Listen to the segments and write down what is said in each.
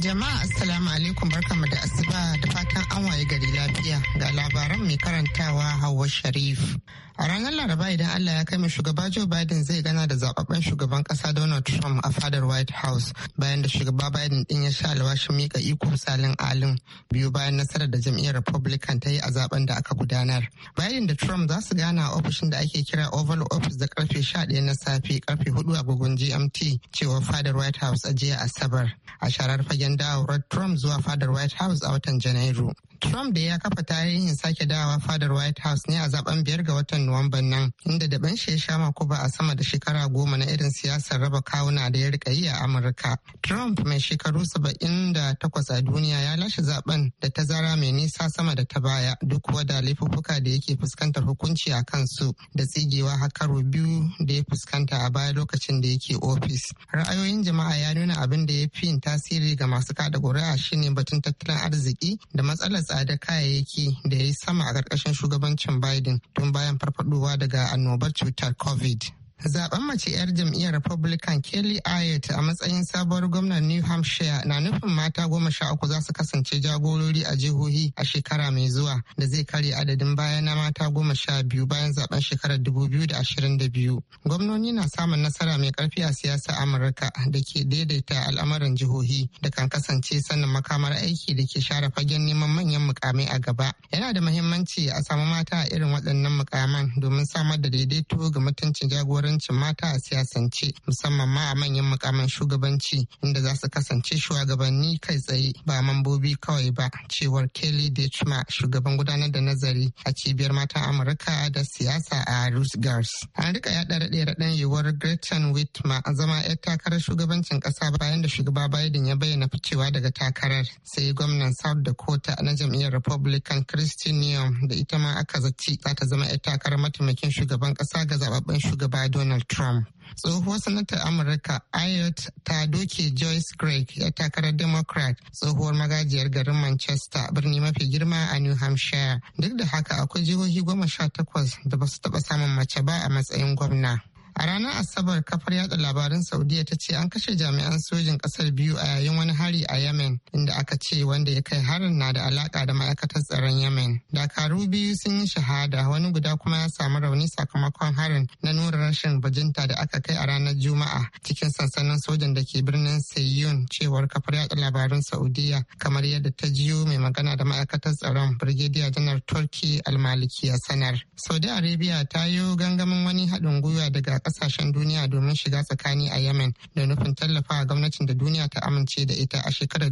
Jama'a Assalamu alaikum barkamu da asuba da fatan an waye gari lafiya ga labaran mai karantawa Hauwa Sharif. A ranar Laraba idan Allah ya kai shugaba Joe Biden zai gana da zababben shugaban kasa Donald Trump a fadar White House bayan da shugaba Biden din ya sha alwashin mika iko salin alin biyu bayan nasarar da jam'iyyar Republican ta yi a zaben da aka gudanar. Biden da Trump za su gana a ofishin da ake kira Oval Office da karfe 11 na safe karfe a agogon GMT cewa fadar White House a jiya Asabar. A sharar fagen dawo Trump zuwa fadar White House a watan Janairu. Trump da ya kafa tarihin sake dawa fadar White House ne a zaben biyar ga watan Nuwamban nan, inda daban shi ya sha makuba a sama da shekara goma na irin siyasar raba kawuna da ya rika yi a Amurka. Trump mai shekaru saba'in da takwas a duniya ya lashe zaben da ta zara mai nisa sama da ta baya duk wada laifuffuka da yake fuskantar hukunci a kansu da tsigewa hakaru biyu da ya fuskanta a baya lokacin da yake ofis. Ra'ayoyin jama'a ya nuna abin da ya fi tasiri ga masu kada ƙuri'a shine batun tattalin arziki da matsalar Tsada kayayyaki da ya yi sama a ƙarƙashin shugabancin Biden tun bayan farfaɗowa daga annobar cutar COVID. Zaben mace 'yar jam'iyyar Republican Kelly ayat a matsayin sabuwar gwamnan New Hampshire na nufin mata goma sha uku za su kasance jagorori a jihohi a shekara mai zuwa da zai karya adadin baya na mata goma sha biyu bayan zaben shekarar dubu biyu da ashirin da biyu. Gwamnoni na samun nasara mai karfi a siyasa Amurka da ke daidaita al'amuran jihohi da kan kasance sannan makamar aiki da ke share fagen neman manyan mukamai a gaba. Yana da muhimmanci a samu mata a irin waɗannan mukaman domin samar da daidaito ga mutuncin jagorar shugabancin mata a siyasance musamman ma a manyan mukamin shugabanci inda za su kasance shugabanni kai tsaye ba mambobi kawai ba cewar kelly dechma shugaban gudanar da nazari a cibiyar mata amurka da siyasa a rutgers an rika yada raɗe raɗen yiwuwar gretchen whitmer zama 'yar takarar shugabancin ƙasa bayan da shugaba biden ya bayyana ficewa daga takarar sai gwamnan south dakota na jam'iyyar republican christine da ita ma aka zaci za ta zama 'yar takarar mataimakin shugaban ƙasa ga zababben shugaba Donald Trump. Tsohuwar sanatar Amurka Ayot ta doke Joyce Craig ya takarar Democrat tsohuwar magajiyar garin Manchester birni mafi girma a New Hampshire. Duk da haka akwai jihohi goma sha takwas da ba su taɓa samun mace ba a matsayin gwamna. A ranar Asabar kafar yada labarin Saudiya ta ce an kashe jami'an sojin kasar biyu a yayin wani hari a Yemen inda aka ce wanda ya kai harin na da alaka da ma'aikatar tsaron Yemen. Dakaru biyu sun yi shahada wani guda kuma ya samu rauni sakamakon harin na nuna rashin bajinta da aka kai a ranar Juma'a cikin sansanin sojan da ke birnin Sayyun cewar kafar yada labarin Saudiya kamar yadda ta jiyo mai magana da ma'aikatar tsaron Brigadier Janar Turki Almaliki ya sanar. Saudi Arabia ta yi gangamin wani haɗin gwiwa daga kasashen duniya domin shiga tsakani a Yemen da nufin tallafawa gwamnatin da duniya ta amince da ita a shekarar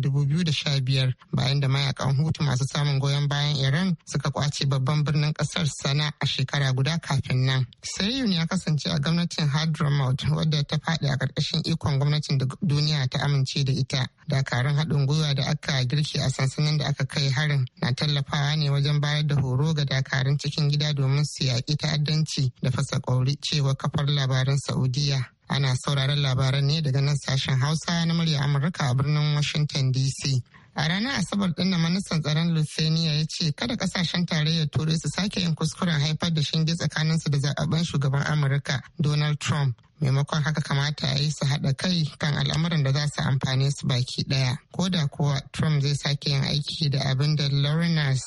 biyar bayan da mayakan hutu masu samun goyon bayan Iran suka kwace babban birnin kasar Sana a shekara guda kafin nan. Sayyun ya kasance a gwamnatin Hadramaut wadda ta faɗi a ƙarƙashin ikon gwamnatin da duniya ta amince da ita. Dakarun haɗin gwiwa da aka girki a sansanin da aka kai harin na tallafawa ne wajen bayar da horo ga dakarun cikin gida domin su yaƙi ta'addanci da fasa ƙauri cewa kafar labaran Saudiya. Ana sauraron labaran ne daga nan sashen Hausa na murya Amurka a birnin Washington DC. A ranar Asabar ɗin na ministan tsaron Lusaniya ya ce kada kasashen tarayyar Turai su sake yin kuskuren haifar da shinge tsakaninsu da zaɓaɓɓen shugaban Amurka Donald Trump maimakon haka kamata a yi su haɗa kai kan al'amuran da za su amfane su baki ɗaya ko da kuwa trump zai sake yin aiki da abin da laurinas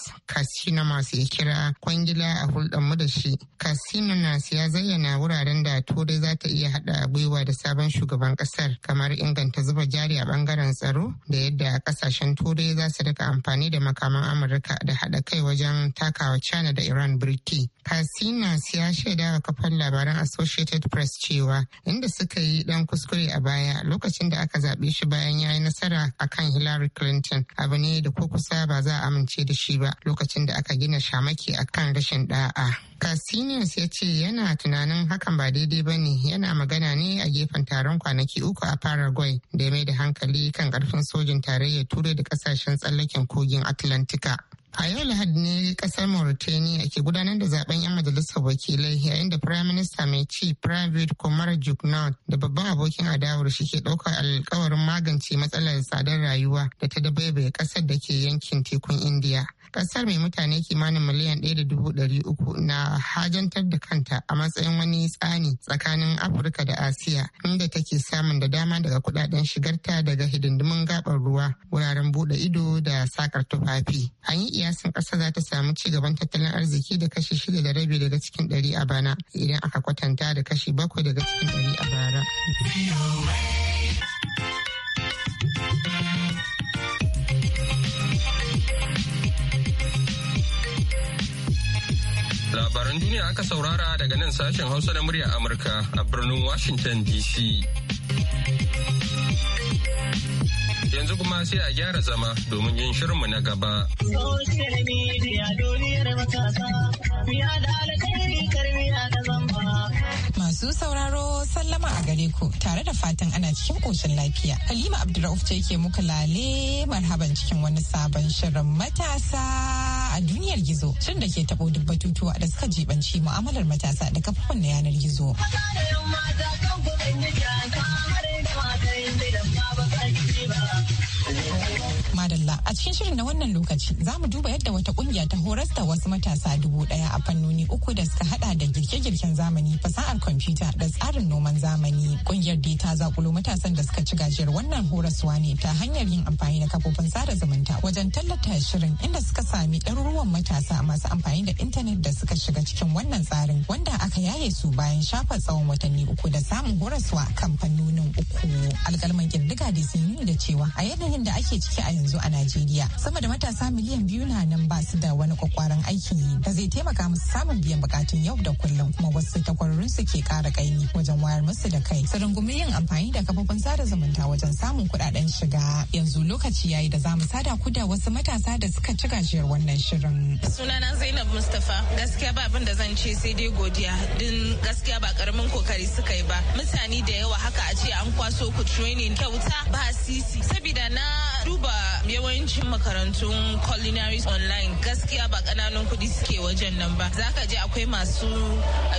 masu ya kira kwangila a hulɗar mu da shi kasinonas ya zayyana wuraren da turai za ta iya haɗa gwiwa da sabon shugaban ƙasar kamar inganta zuba jari a bangaren tsaro da yadda ƙasashen turai za su rika amfani da makaman amurka da haɗa kai wajen takawa china da iran birki kasinas ya shaida ga kafar labaran associated press cewa inda suka yi dan kuskure a baya lokacin da aka zaɓe shi bayan ya yi nasara a kan Hillary Clinton abu ne da ko kusa ba za a amince da shi ba lokacin da aka gina shamaki a kan rashin ɗa'a. Casinius ya ce yana tunanin hakan ba daidai ba ne yana magana ne a gefen taron kwanaki uku a Paraguay da ya mai da hankali kan ƙarfin sojin tarayyar turai da ƙasashen tsallaken kogin Atlantika. A yau Lahadi ne kasar Mauritania ke gudanar da zaben 'yan majalisar wakilai yayin da Prime Minister mai ci Private Kumar Juknaut da babban abokin adawar shi ke ɗaukar alkawarin magance matsalar tsadar rayuwa da ta dabaibaye ƙasar da ke yankin tekun Indiya. kasar mai mutane kimanin miliyan ɗaya da dubu ɗari uku na hajantar da kanta a matsayin wani tsani tsakanin afirka da asiya inda take samun da dama daga kudaden shigarta daga hidindimin gabar ruwa wuraren bude ido da sakar tufafi an yi iyasin ƙasa za ta samu ci gaban tattalin arziki da kashi shida da rabi daga cikin ɗari a bana idan aka kwatanta da kashi bakwai daga cikin ɗari a bara. Labaran duniya aka saurara daga nan sashen Hausa da murya Amurka a birnin Washington DC. Yanzu kuma sai a gyara zama domin yin shirinmu na gaba. Social media duniyar matasa, da karmi Su sauraro sallama a gare ku tare da fatan ana cikin koshin lafiya. Halima Abdurrauf ce yake muku lale marhaban cikin wani sabon shirin matasa a duniyar gizo. Shin da ke tabo duk batutuwa da suka jibanci mu'amalar matasa da kafofin na yanar gizo. madalla a cikin shirin na wannan lokaci za mu duba yadda wata kungiya ta horas da wasu matasa dubu daya a fannoni uku da suka hada da girke-girken zamani fasahar kwamfuta da tsarin noman zamani kungiyar da ta zakulo matasan da suka ci gajiyar wannan horaswa ne ta hanyar yin amfani da kafofin sada zumunta wajen tallata shirin inda suka sami ɗaruruwan matasa masu amfani da intanet da suka shiga cikin wannan tsarin wanda aka yaye su bayan shafa tsawon watanni uku da samun horaswa kan fannonin uku alkalman kirdiga da sun yi da cewa a yanayin da ake ciki a yanzu a Najeriya. Sama da matasa miliyan biyu na nan ba su da wani kwakwaran aiki yi da zai taimaka musu samun biyan bukatun yau da kullum kuma wasu takwarorin su ke kara kaini wajen wayar musu da kai. Su rungumi yin amfani da kafofin sada zumunta wajen samun kuɗaɗen shiga. Yanzu lokaci yayi da za mu sada ku da wasu matasa da suka ci gajiyar wannan shirin. Sunana Zainab Mustapha gaskiya ba abin da zan ce sai dai godiya din gaskiya ba karamin kokari suka yi ba. Mutane da yawa haka a ce an kwaso ku training kyauta ba sisi. Sabida na duba yawancin makarantun culinary online gaskiya ba kananan kuɗi suke wajen nan ba za ka je akwai masu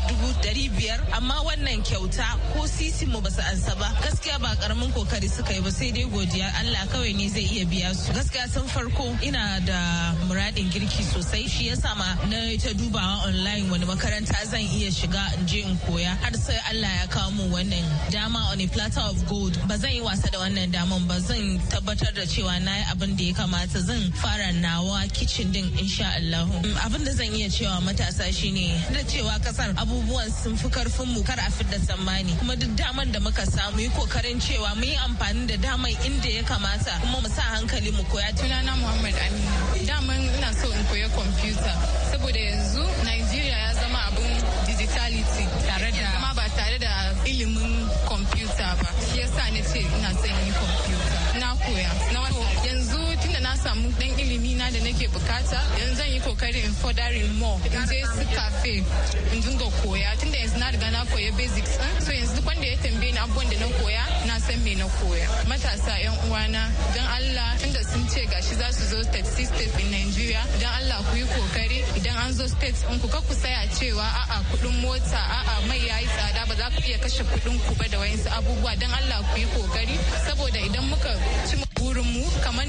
dubu dari biyar amma wannan kyauta ko sisinmu mu ba su ansa ba gaskiya ba karamin kokari suka yi ba sai dai godiya Allah kawai ne zai iya biya su gaskiya sun farko ina da muradin girki sosai shi ya sama na ta dubawa online wani makaranta zan iya shiga in je in koya har sai Allah ya kawo mu wannan dama on a platter of gold ba zan yi wasa da wannan daman ba zan tabbatar da cewa na yi abin da ya kamata zan fara nawa kicin din insha Allah mm, abin da zan iya cewa matasa shine da cewa kasar abubuwan sun fi karfin mu kar a fidda tsammani kuma duk damar da muka samu yi kokarin cewa mu yi amfani da damar inda ya kamata kuma mu sa hankali mu koya tunana Muhammad Aminu daman ina so in koya kwamfuta saboda yanzu Nigeria ya zama abun digitality tare da zama ba tare da ilimin kwamfuta ba shi yasa ne ce ina son yi kwamfuta na koya na wani samu dan ilimi na da nake bukata yanzu zan yi kokari in furthering more in je su cafe in dinga koya tunda yanzu na riga na koya basics din so yanzu duk wanda ya tambaye ni abubuwan da na koya na san me na koya matasa yan uwana dan Allah tunda sun ce gashi za su zo 36 state in Nigeria dan Allah ku yi kokari idan an zo state in ku ka ku saya cewa a'a kuɗin mota a'a mai yayi tsada ba za ku iya kashe kuɗin ku ba da wayansu abubuwa dan Allah ku yi kokari saboda idan muka ci burin mu kamar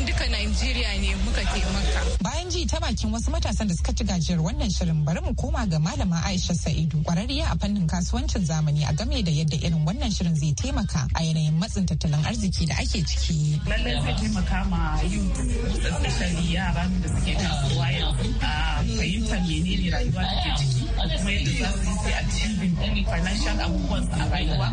Najeriya ne muka taimaka. Bayan ji ta bakin wasu matasan da suka ci gajiyar wannan shirin bari mu koma ga malama Aisha Sa'idu kwararriya a fannin kasuwancin zamani a game da yadda irin wannan shirin zai taimaka a yanayin matsin tattalin arziki da ake ciki. Lallai zai taimaka ma yin especially yara da suke kasuwa yanzu a fahimtar menene rayuwa take ciki kuma yadda za su yi sai a cibin financial abubuwan a rayuwa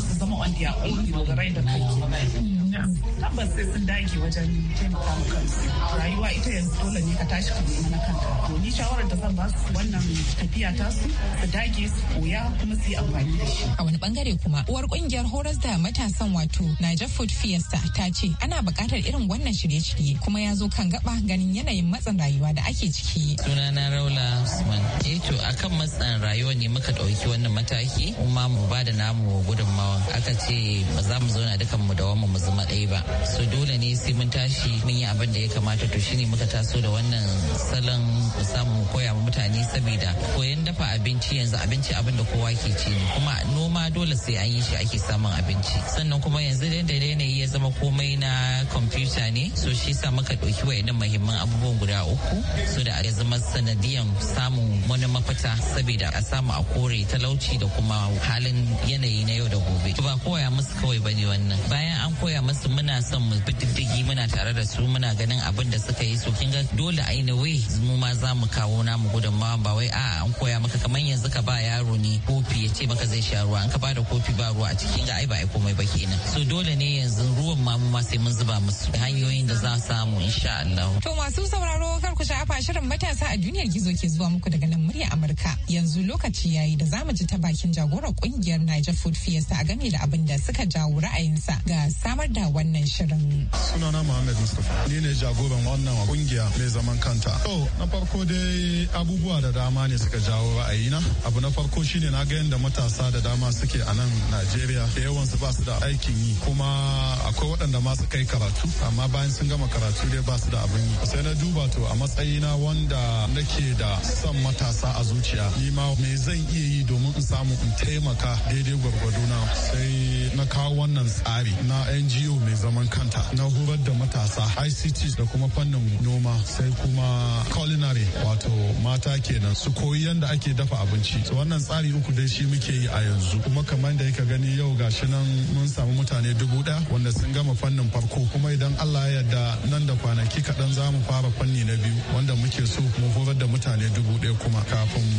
su zama on their own da tabbas sai sun dage wajen taimaka ma kansu rayuwa ita yanzu dole ne ka tashi ka nema na kanka to ni shawarar da zan ba su wannan tafiya ta su su dage su koya kuma su yi amfani da shi a wani bangare kuma uwar kungiyar horas da matasan wato Niger Food Fiesta ta ce ana buƙatar irin wannan shirye-shirye kuma ya zo kan gaba ganin yanayin matsin rayuwa da ake ciki sunana Raula Usman eh to akan matsan rayuwa ne muka ɗauki wannan mataki kuma mu ba da namu gudunmawa aka ce ba za mu zauna dukan mu da wamma mu zama zama ɗaya ba su dole ne sai mun tashi mun yi abin da ya kamata to shine muka taso da wannan salon mu samu mu koya wa mutane saboda koyan dafa abinci yanzu abinci abin da kowa ke ci ne kuma noma dole sai an yi shi ake samun abinci sannan kuma yanzu da yanayi ya zama komai na kwamfuta ne so shi sa muka ɗauki wayannan muhimman abubuwan guda uku so da ya zama sanadiyan samun wani mafita saboda a samu a kore talauci da kuma halin yanayi na yau da gobe ba koya musu kawai bane wannan bayan an koya musu muna son mu diddigi muna tare da su muna ganin abin da suka yi so kinga dole a ina wai mu ma za mu kawo namu ma ba wai a an koya maka kamar yanzu ka ba yaro ne kofi ya ce maka zai sha ruwa an ka da kofi ba ruwa a cikin ga ai ba ai komai ba kenan so dole ne yanzu ruwan ma mu ma sai mun zuba musu hanyoyin da za samu insha Allah to masu sauraro kar ku sha'afa shirin matasa a duniyar gizo ke zuwa muku daga nan murya Amurka yanzu lokaci yayi da zamu ji ta bakin jagorar kungiyar Niger Food Fiesta a game da abin da suka jawo ra'ayinsa ga samar da da wannan shirin. Sunana Muhammad Mustapha. Ni ne jagoran wannan kungiya mai zaman kanta. To, na farko dai abubuwa da dama ne suka jawo ra'ayina. Abu na farko shine na ga yadda matasa da dama suke a nan Najeriya. Da yawan su ba su da aikin yi kuma akwai waɗanda ma suka kai karatu amma bayan sun gama karatu dai ba su da abin yi. Sai na duba to a matsayina wanda nake da son matasa a zuciya. Ni ma me zan iya yi domin in samu in taimaka daidai gwargwado na sai na kawo wannan tsari na NGO NGO mai zaman kanta na horar da matasa ICT da kuma fannin noma sai kuma culinary wato mata kenan su koyi yadda ake dafa abinci. su wannan tsari uku dai shi muke yi a yanzu kuma kamar da ka gani yau gashi nan mun samu mutane dubu ɗaya wanda sun gama fannin farko kuma idan Allah ya yarda nan da kwanaki kaɗan zamu fara fanni na biyu wanda muke so mu horar da mutane dubu ɗaya kuma kafin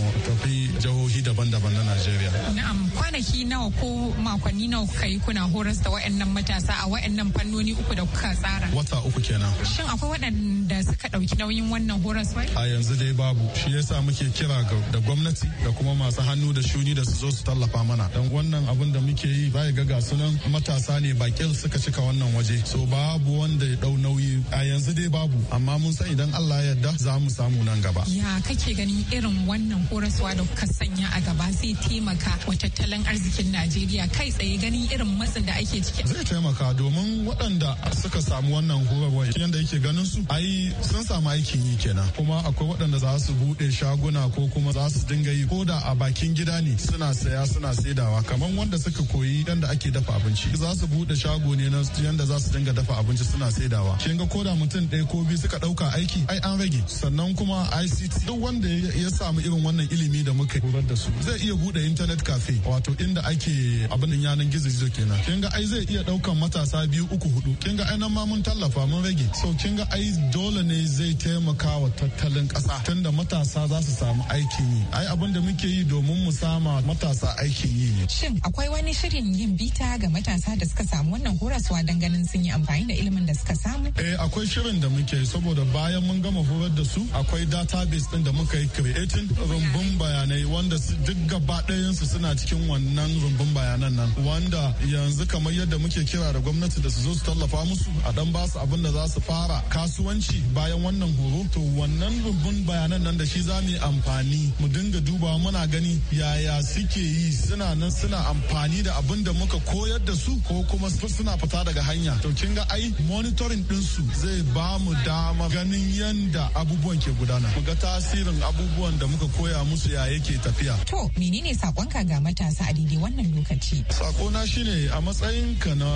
kwanaki nawa ko makonni nawa kuka yi kuna horas da waɗannan matasa a wa'annan fannoni uku da kuka tsara wata uku kenan shin akwai waɗanda suka Dauki nauyin wannan horaswai? A yanzu dai babu shi yasa muke kira ga da gwamnati da kuma masu hannu da shuni da su zo su tallafa mana don wannan abin da muke yi ba ga ga sunan matasa ne bakin suka cika wannan waje so babu wanda ya ɗau nauyi a yanzu dai babu amma mun san idan Allah ya yarda za mu samu nan gaba. Ya kake ganin irin wannan horaswa da kuka sanya a gaba zai taimaka wa tattalin arzikin Najeriya kai tsaye ganin irin matsin da ake ciki. Zai taimaka domin waɗanda suka samu wannan horarwa yadda yake ganin su ai sun an samu aikin yi kenan kuma akwai waɗanda za su buɗe shaguna ko kuma za su dinga yi ko a bakin gida ne suna saya suna saidawa kamar wanda suka koyi yadda ake dafa abinci za su buɗe shago ne na yadda za su dinga dafa abinci suna saidawa kin ga koda mutum ɗaya ko biyu suka ɗauka aiki ai an rage sannan kuma ICT duk wanda ya samu irin wannan ilimi da muka horar da su zai iya buɗe internet cafe wato inda ake abin yanan gizo gizo kenan kin ga ai zai iya ɗaukan matasa biyu uku hudu kin ga ai nan ma mun tallafa mun rage so kin ga ai dole ne zai taimaka wa tattalin ƙasa tunda matasa za su samu aikin yi ai abin da muke yi domin mu sama matasa aikin yi ne shin akwai wani shirin yin bita ga matasa da suka samu wannan horaswa don ganin sun yi amfani da ilimin da suka samu eh akwai shirin da muke saboda bayan mun gama horar da su akwai database din da muka yi creating rumbun bayanai wanda duk gaba ɗayansu suna cikin wannan rumbun bayanan nan wanda yanzu kamar yadda muke kira da gwamnati da su zo su tallafa musu a dan ba su abin da za su fara kasuwanci bayan bayan wannan horo to wannan rubun bayanan nan da shi za mu amfani mu dinga duba muna gani yaya suke yi suna nan suna amfani da abin da muka koyar da su ko kuma suna fita daga hanya to kin ga ai monitoring din su zai ba mu dama ganin yanda abubuwan ke gudana mu ga tasirin abubuwan da muka koya musu ya yake tafiya to menene sakonka ga matasa a daidai wannan lokaci sakona shine a matsayin ka na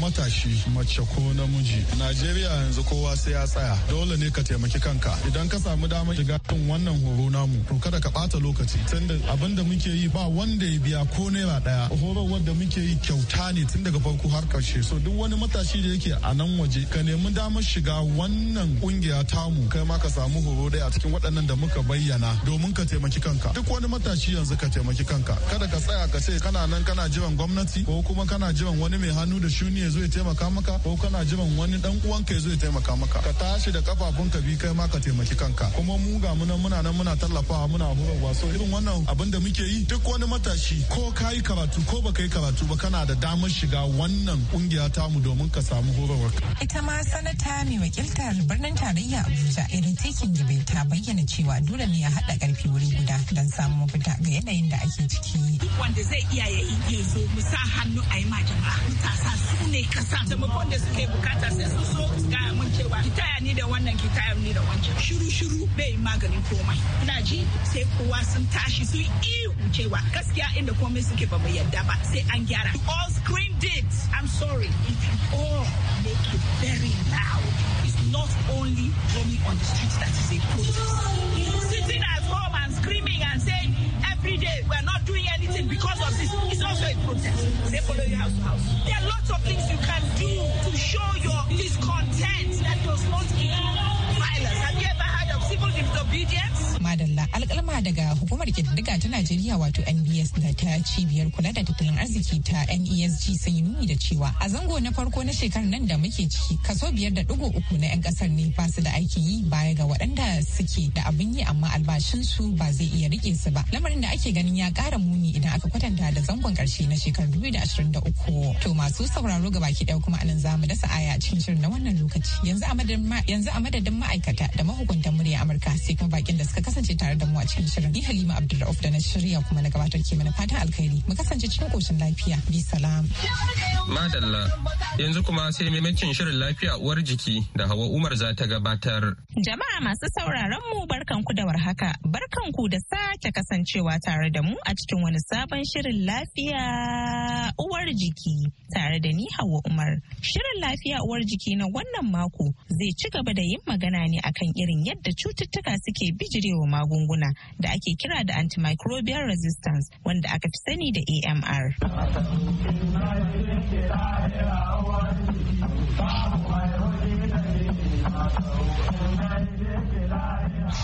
matashi mace ko namiji Najeriya yanzu kowa sai ya tsaya dole ne ka taimaki kanka idan ka samu damar shiga cikin wannan horo namu to kada ka bata lokaci tunda abin da muke yi ba wanda ya biya ko naira daya horarwar da muke yi kyauta ne tun daga farko har karshe so duk wani matashi da yake a nan waje ka nemi damar shiga wannan kungiya tamu kai ma ka samu horo daya a cikin waɗannan da muka bayyana domin ka taimaki kanka duk wani matashi yanzu ka taimaki kanka kada ka tsaya ka ce kana nan kana jiran gwamnati ko kuma kana jiran wani mai hannu da shuni ya zo ya taimaka maka ko kana jiran wani dan uwanka ya zo ya taimaka maka ka tashi da kafa abun ka bi kai ma ka taimaki kanka kuma mu ga muna muna nan muna tallafawa muna horarwa so irin wannan abin da muke yi duk wani matashi ko ka yi karatu ko baka yi karatu ba kana da damar shiga wannan kungiya mu domin ka samu horarwa ita ma sanata mai wakiltar birnin tarayya Abuja irin takin gibe ta bayyana cewa dole ne ya haɗa karfi wuri guda don samu mafita ga yanayin da ake ciki duk wanda zai iya ya yi zo mu sa hannu a yi ma jama'a mutasa su ne kasa taimakon da suke bukata sai su so ga mun cewa ki ni da wannan da shiru shiru bai maganin komai ina ji sai kowa sun tashi sun cewa gaskiya inda komai suke ba mu yadda ba sai an gyara all scream did. i'm sorry if you all make it very loud it's not only roaming on the streets that is a protest sitting at home and screaming and saying every day we're not doing anything because of this it's also a protest they follow you house to house there are lots of things you can do to show your discontent that does not include obedience. Madalla alkalma daga hukumar kididdiga ta Najeriya wato NBS da ta cibiyar kula da tattalin arziki ta NESG sun yi nuni da cewa a zango na farko na shekarar nan da muke ciki kaso biyar da digo uku na 'yan kasar ne ba su da aikin yi baya ga waɗanda suke da abin yi amma albashinsu ba zai iya rike su ba. Lamarin da ake ganin ya ƙara muni idan aka kwatanta da zangon ƙarshe na shekarar 2023. To masu sauraro ga baki ɗaya kuma anan za mu dasa aya cikin shirin na wannan lokaci. Yanzu a madadin ma'aikata da mahukuntan murya Amurka sai sauran bakin da suka kasance tare da mu a cikin shirin. Ni Halima Abdulrauf da na shirya kuma na gabatar ke mana fatan alkhairi. Mu kasance cikin koshin lafiya. Bi salam. Madalla. Yanzu kuma sai maimakin shirin lafiya uwar jiki da Hawa Umar za ta gabatar. Jama'a masu sauraron mu barkanku da warhaka. Barkanku da sake kasancewa tare da mu a cikin wani sabon shirin lafiya uwar jiki tare da ni Hawa Umar. Shirin lafiya uwar jiki na wannan mako zai ci gaba da yin magana ne akan irin yadda cututtuka suke bijirewa magunguna da ake kira da antimicrobial resistance wanda aka fi sani da AMR.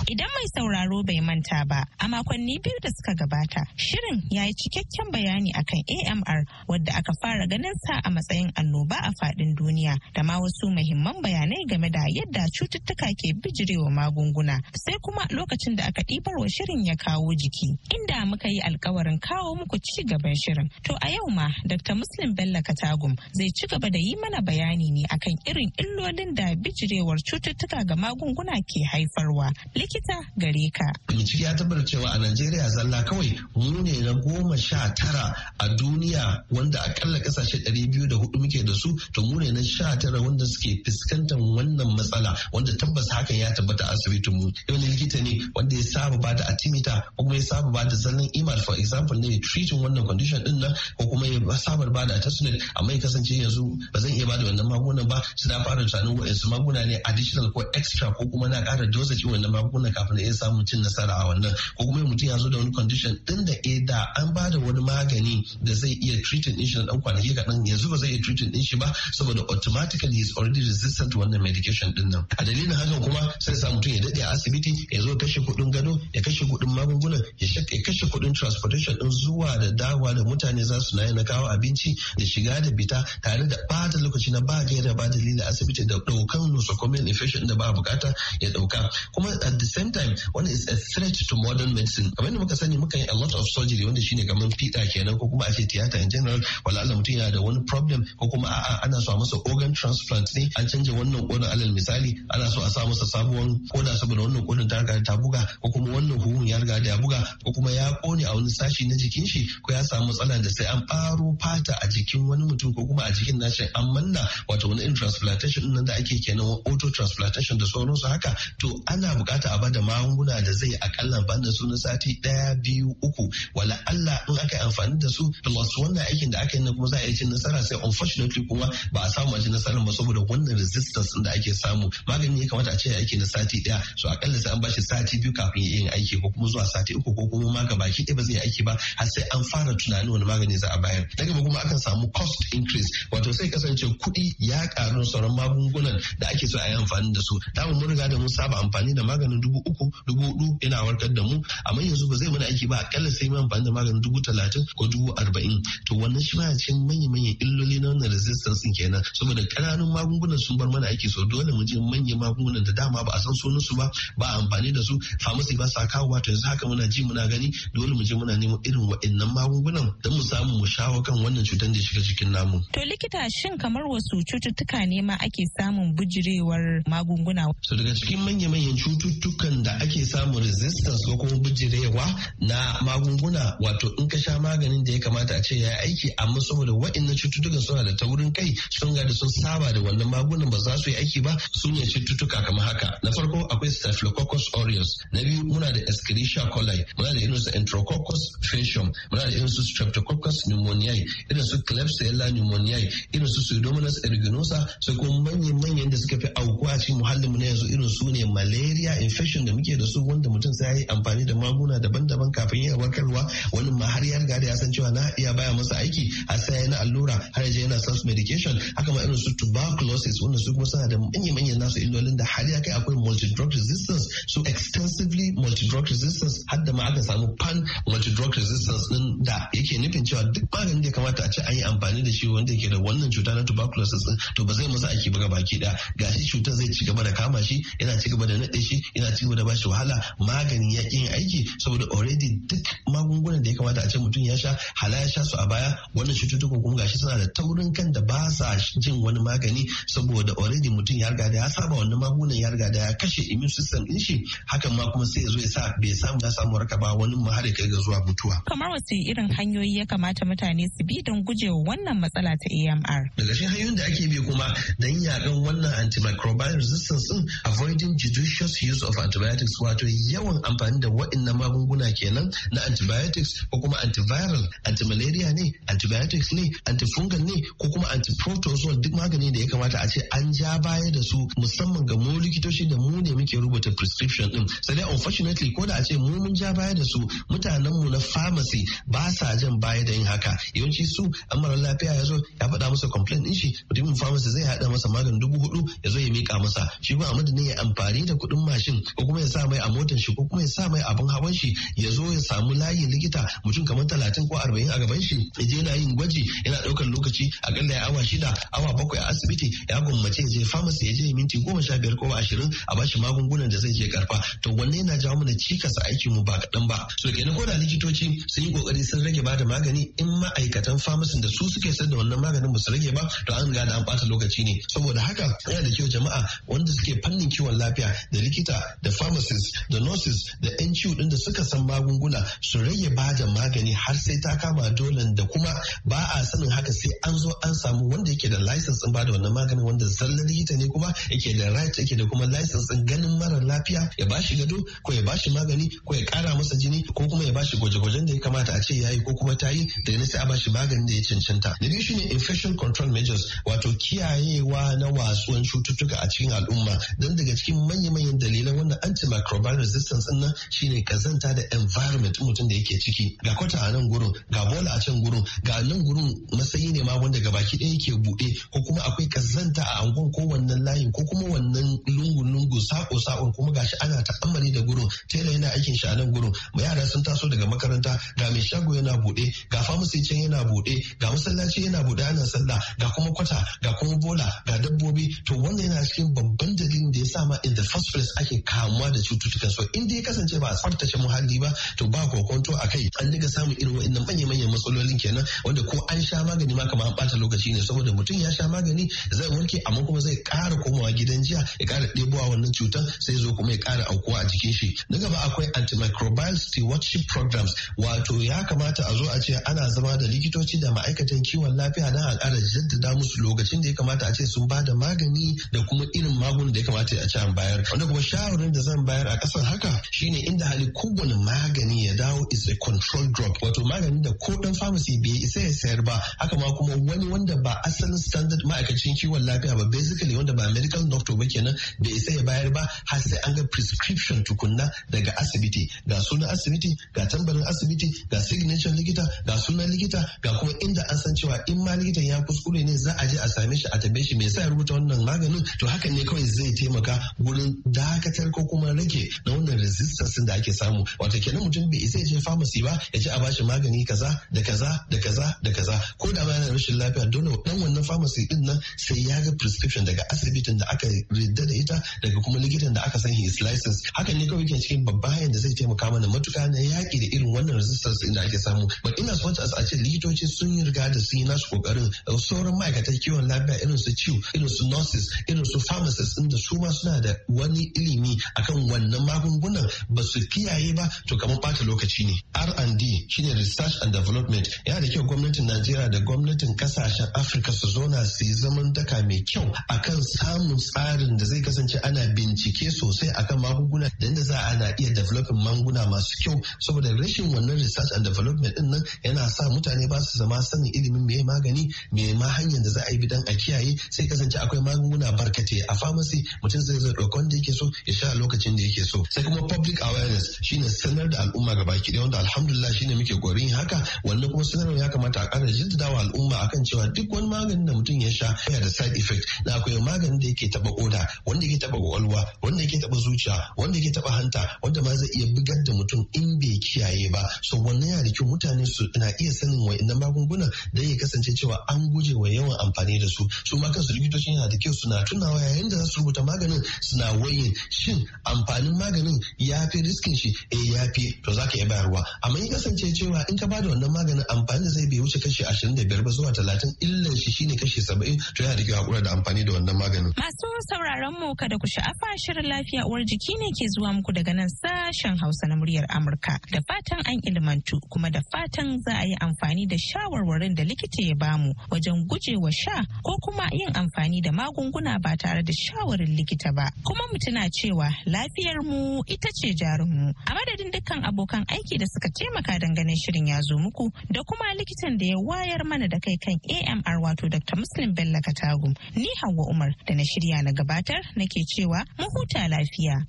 Idan mai sauraro bai manta ba, a makonni biyu da suka gabata, shirin ya yi cikakken bayani akan AMR wadda aka fara ganin sa a matsayin annoba a faɗin duniya da ma wasu muhimman bayanai game da yadda cututtuka ke bijirewa magunguna. Sai kuma lokacin da aka ɗibar wa shirin ya kawo jiki, inda muka yi alkawarin kawo muku ci gaban shirin. To a yau ma, Dr. Muslim Bello Katagum zai ci gaba da yi mana bayani ne akan irin illolin da bijirewar cututtuka ga magunguna ke haifarwa likita gare ka. Bincike ya tabbatar cewa a Najeriya zalla kawai mu ne na goma sha tara a duniya wanda akalla kasashe ɗari biyu da hudu muke da su to mu ne na sha tara wanda suke fuskantar wannan matsala wanda tabbas hakan ya tabbata asibitin mu. yau ne likita ne wanda ya saba ba da atimita ko kuma ya saba ba da zallan imal for example ne treating wannan condition din nan ko kuma ya saba ba da tasunet amma ya kasance yanzu ba zan iya ba da wannan magunan ba su da fara tunanin wa'insu maguna ne additional ko extra ko kuma na ƙara dosage wannan magunan magunguna kafin ya samu cin nasara a wannan ko kuma mutum ya zo da wani condition din da eh da an ba da wani magani da zai iya treating din shi na dan kwanaki kaɗan yanzu ba zai iya treating din shi ba saboda automatically is already resistant to wannan medication din nan a dalilin hakan kuma sai sa mutum ya daɗe a asibiti ya zo kashe kuɗin gado ya kashe kuɗin magungunan ya kashe kuɗin transportation din zuwa da dawa da mutane za su na na kawo abinci da shiga da bita tare da bada lokaci na ba gaira ba dalilin asibiti da ɗaukan nosocomial infection da ba bukata ya ɗauka kuma a at the same time one is a threat to modern medicine kamar yadda muka sani muka yi a lot of surgery wanda shine kamar fiɗa kenan ko kuma a ce tiyata in general wala Allah mutum yana da wani problem ko kuma a'a ana so a masa organ transplant ne an canja wannan kodan alal misali ana so a sa masa sabuwar koda saboda wannan kodan ta riga ta buga ko kuma wannan huhun ya riga da ya buga ko kuma ya kone a wani sashi na jikin shi ko ya samu matsala da sai an faro fata a jikin wani mutum ko kuma a jikin nashi an manna wato wani in transplantation nan da ake kenan auto transplantation da sauransu haka to ana buƙatar kamata a bada magunguna da zai akalla amfani da su na sati daya biyu uku wala Allah in aka yi amfani da su plus wannan aikin da aka yi na kuma za a yi nasara sai unfortunately kuma ba a samu a ci nasara ba saboda wannan resistance da ake samu magani ya kamata a ce aiki na sati ɗaya so akalla sai an bashi sati biyu kafin ya yin aiki ko kuma zuwa sati uku ko kuma ma gaba ki ba zai aiki ba har sai an fara tunanin wani magani za a bayar daga kuma akan samu cost increase wato sai kasance kuɗi ya karu sauran magungunan da ake so a yi amfani da su da mun riga da mun saba amfani da magani maganin dubu uku dubu hudu yana warkar da mu amma yanzu ba zai mana aiki ba akalla sai mu amfani da maganin dubu talatin ko dubu arba'in to wannan shi ma cikin manya manyan illoli na wannan resistance din kenan saboda ƙananun magungunan sun bar mana aiki so dole mu je manyan magungunan da dama ba a san sunansu su ba ba amfani da su pharmacy ba sa ba to yanzu haka muna ji muna gani dole mu je muna nemo irin waɗannan magungunan don mu samu mu shawo kan wannan cutar da shiga cikin namu. To likita shin kamar wasu cututtuka ne ma ake samun bujirewar magunguna? So daga cikin manya-manyan cututtuka cututtukan da ake samun resistance ko kuma bijirewa na magunguna wato in ka sha maganin da ya kamata a ce ya yi aiki amma saboda waɗannan cututtukan suna da taurin kai sun ga da sun saba da wannan magunan ba za su yi aiki ba su ne cututtuka kamar haka na farko akwai staphylococcus aureus na biyu muna da escherichia coli muna da irin su enterococcus faecium muna da irin su streptococcus pneumoniae irin su klebsiella pneumoniae irin su pseudomonas aeruginosa sai kuma manyan manyan da suka fi aukuwa cikin muhallin mu na yanzu irin su ne malaria infection da muke da su wanda mutum sai ya yi amfani da maguna daban-daban kafin ya warkarwa wani ma har ya riga da ya san cewa na iya baya masa aiki a sai ya na allura har ya yana self medication haka ma irin su tuberculosis wanda su kuma suna da manya-manyan nasu illolin da har ya kai akwai multi drug resistance su extensively multi drug resistance har da ma aka samu pan multi drug resistance din da yake nufin cewa duk maganin da ya kamata a ce an yi amfani da shi wanda yake da wannan cuta na tuberculosis din to ba zai masa aiki ba baki daya gashi cutar zai ci gaba da kama shi yana ci gaba da nade shi ina ci da ba shi wahala magani ya kin aiki saboda already duk magungunan da ya kamata a ce mutum ya sha hala ya sha su a baya wannan cututtukan kuma gashi suna da taurin kan da ba sa jin wani magani saboda already mutum ya riga da ya saba wannan magungunan ya riga da ya kashe immune system din shi hakan ma kuma sai ya zo ya sa bai samu ya samu raka ba wani ma kai ga zuwa mutuwa kamar wasu irin hanyoyi ya kamata mutane su bi don gujewa wannan matsala ta AMR daga cikin hanyoyin da ake bi kuma dan yakan wannan antimicrobial resistance din avoiding judicious use of antibiotics wato yawan amfani da waɗannan magunguna kenan na antibiotics ko kuma antiviral antimalaria ne antibiotics ne antifungal ne ko kuma antiprotozoal duk magani da ya kamata a ce an ja baya da su musamman ga mu likitoci da mu ne muke rubuta prescription din sai dai unfortunately ko da a ce mu mun ja baya da su mutanen mu na pharmacy ba sa jan baya da yin haka yawanci su an mara lafiya ya zo ya faɗa masa complaint din shi mutumin pharmacy zai haɗa masa maganin dubu hudu ya zo ya mika masa shi ba amadu ne ya amfani da kuɗin mashin mutum ko kuma ya sa mai a motar shi ko kuma ya sa mai abin hawan shi ya zo ya samu layin likita mutum kamar talatin ko arba'in a gaban shi ya je yana yin gwaji yana ɗaukar lokaci a akalla ya awa shida awa bakwai a asibiti ya gwammace ya je famasi ya je minti goma sha biyar ko ashirin a bashi magungunan da zai je karfa to wannan yana jawo mana cikas aikin mu ba kaɗan ba so kenan ko da likitoci sun yi kokari sun rage ba da magani in ma'aikatan famasin da su suke sayar da wannan maganin ba su rage ba to an ga da an ɓata lokaci ne saboda haka yana da kyau jama'a wanda suke fannin kiwon lafiya da likita da pharmacists da nurses da 'yan ciwo din da suka san magunguna su rage bada magani har sai ta kama dole da kuma ba a sanin haka sai an zo an samu wanda yake da license din bada wannan maganin wanda zallan likita ne kuma yake da right yake da kuma license din ganin mara lafiya ya ba shi gado ko ya ba shi magani ko ya kara masa jini ko kuma ya ba shi gwaje-gwajen da ya kamata a ce yayi ko kuma yi da ya sai a ba shi maganin da ya cancanta. Da biyu shine infection control measures wato kiyayewa na watsuwan cututtuka a cikin al'umma don daga cikin manya-manyan dalilan wannan antimicrobial resistance din nan shine kazanta da environment mutum da yake ciki ga kwata a nan gurin ga bola a can gurin ga nan gurin masayi ne ma wanda gabaki ɗaya yake buɗe ko kuma akwai kazanta a angon ko wannan layin ko kuma wannan lungun lungu sako sakon kuma gashi ana ta'ammali da gurin tela yana aikin shi a nan gurin yara sun taso daga makaranta ga mai shago yana buɗe ga famasi can yana buɗe ga masallaci yana buɗe ana sallah ga kuma kwata ga kuma bola ga dabbobi to wannan yana cikin babban dalilin da ya sa ma in the first place ake kamuwa da cututtukan so in dai kasance ba a tsaftace muhalli ba to ba kokonto a kai an daga samun irin wa'annan manya-manyan matsalolin kenan wanda ko an sha magani ma kamar an bata lokaci ne saboda mutum ya sha magani zai warke amma kuma zai ƙara komawa gidan jiya ya ƙara ɗebowa wannan cutar sai zo kuma ya ƙara aukuwa a jikin shi na gaba akwai antimicrobial stewardship programs wato ya kamata a zo a ce ana zama da likitoci da ma'aikatan kiwon lafiya na a ƙara jaddada musu lokacin da ya kamata a ce sun ba da magani da kuma irin magun da ya kamata a ci an bayar wanda kuma shawar shawarar da zan bayar a ƙasar haka shine inda hali kowane magani ya dawo is a control drug wato maganin da ko dan pharmacy bai isa ya sayar ba haka ma kuma wani wanda ba asalin standard ma'aikacin kiwon lafiya ba basically wanda ba medical doctor ba kenan bai isa ya bayar ba har sai an ga prescription tukunna daga asibiti ga sunan asibiti ga tambarin asibiti ga signature likita ga sunan likita ga kuma inda an san cewa in ma likitan ya kuskure ne za a je a same shi a tabe shi me yasa ya rubuta wannan maganin to haka ne kawai zai taimaka wurin dakatar dakatar ko kuma rage na wannan resistance da ake samu wata kenan mutum bai isa je famasi ba ya ce a bashi magani kaza da kaza da kaza da kaza ko da bayan rashin lafiya dole dan wannan famasi din nan sai ya ga prescription daga asibitin da aka ridda da ita daga kuma likitan da aka san his license haka ne kawai ke cikin babba hanyar da zai taimaka mana matuka na yaki da irin wannan resistance da ake samu but ina so a ce likitoci sun yi riga da sun yi nasu kokarin sauran ma'aikatan kiwon lafiya irin su ciwo irin su nurses irin su pharmacists inda su ma suna da wani ilimi ilimi akan wannan magungunan ba su kiyaye ba to kamar bata lokaci ne R&D shine research and development yana da kyau gwamnatin Najeriya da gwamnatin kasashen Afirka su zauna su yi zaman daka mai kyau akan samun tsarin da zai kasance ana bincike sosai akan magunguna da inda za ana iya developing magunguna masu kyau saboda rashin wannan research and development din nan yana sa mutane ba su zama sanin ilimin mai magani mai ma hanyar da za a yi bidan a kiyaye sai kasance akwai magunguna barkatai a pharmacy mutum zai zo ɗauka wanda yake so ya sha a lokacin da yake so sai kuma public awareness shine sanar da al'umma baki ɗaya wanda alhamdulillah shine muke yi haka wannan kuma sanarwa ya kamata a ƙara jaddadawa al'umma akan cewa duk wani maganin da mutum ya sha yana da side effect na akwai maganin da yake taba koda wanda yake taba kwakwalwa wanda yake taba zuciya wanda yake taba hanta wanda ma zai iya bugar da mutum in bai kiyaye ba so wannan yana da kyau mutane su na iya sanin wa'annan magungunan da ya kasance cewa an guje wa yawan amfani da su su ma kansu likitocin yana da kyau suna tunawa yayin da za su rubuta maganin suna wayin shin amfanin maganin ya fi riskin shi eh ya fi to za ka iya bayarwa amma in kasance cewa in ka bada wannan maganin amfanin zai bai wuce kashi ashirin da biyar ba zuwa talatin illar shi shine kashi saba'in to ya da kyau hakura da amfani da wannan maganin. masu sauraron mu kada ku sha'afa shirin lafiya uwar jiki ne ke zuwa muku daga nan sashen hausa na muryar amurka da fatan an ilmantu kuma da fatan za a yi amfani da shawarwarin da likita ya bamu wajen gujewa sha ko kuma yin amfani da magunguna ba tare da shawarin likita ba kuma mu tuna cewa cewa lafiyar mu ita ce mu A madadin dukkan abokan aiki da suka taimaka dangane shirin ya zo muku da kuma likitan da ya wayar mana da kai kan AMR wato Dr. Muslim Bello Katagum. Ni Hauwa Umar da na shirya na gabatar nake cewa mu huta lafiya.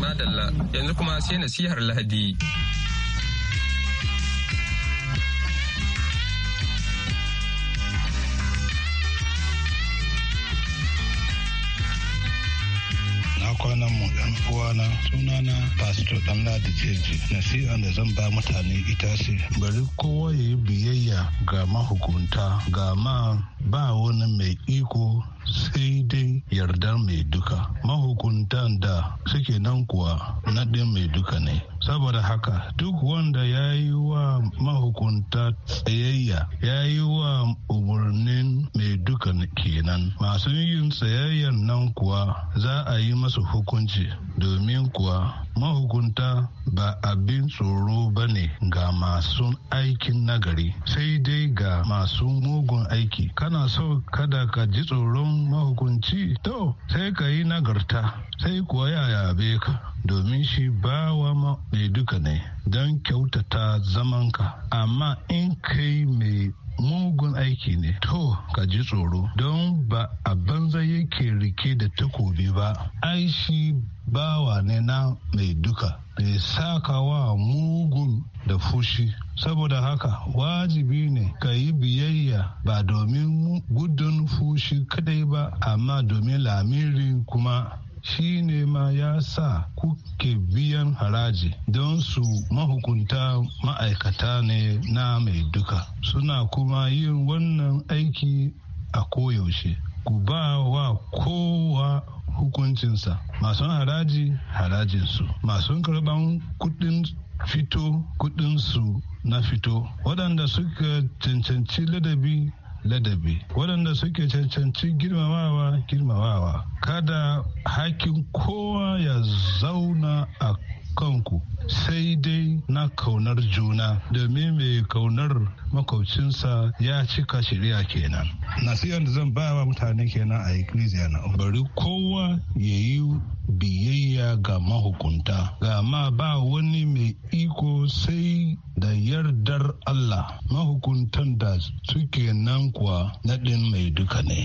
Madalla yanzu kuma sai nasihar Lahadi. na. kwanan mu yan uwana sunana pastor dan ladi jeji nasiha da zan ba mutane ita ce bari kowa ya yi biyayya ga mahukunta ga ma ba wani mai iko sai dai yarda mai duka mahukuntan da suke nan kuwa naɗin mai duka ne saboda haka duk wanda ya yi wa mahukunta tsayayya ya yi wa umarnin mai duka kenan masu yin tsayayyan nan kuwa za a yi masu hukunci domin kuwa mahukunta ba abin tsoro ba ne ga masu aikin nagari sai dai ga masu mugun aiki kana so kada ka ji tsoron mahukunci to sai ka yi nagarta sai kuwa yaya be ka domin shi bawa mai duka ne don kyautata zamanka amma in kai mai mugun aiki ne to ka ji tsoro don ba a banza yake rike da takobi ba ai shi bawa ne na mai duka mai sakawa mugun da fushi saboda haka wajibi ne ka yi biyayya ba domin gudun fushi kadai ba amma domin lamiri kuma shi ne ma ya sa kuke biyan haraji don su mahukunta ma'aikata ne na mai duka suna kuma yin wannan aiki a koyaushe ku ba wa kowa hukuncinsa masu haraji harajinsu masu karban kudin fito kudinsu na fito waɗanda suka cancanci ladabi ladabi waɗanda suke cancanci girmamawa girmamawa kada hakin kowa ya zauna a kanku sai dai na kaunar juna domin mai kaunar makaucinsa ya cika shari'a kenan nasiyar da zan ba mutane kenan a ikkilisiya na bari kowa ya yi biyayya ga mahukunta Gama ba wani mai iko sai da yardar Allah mahukuntan da suke nan kuwa naɗin mai duka ne.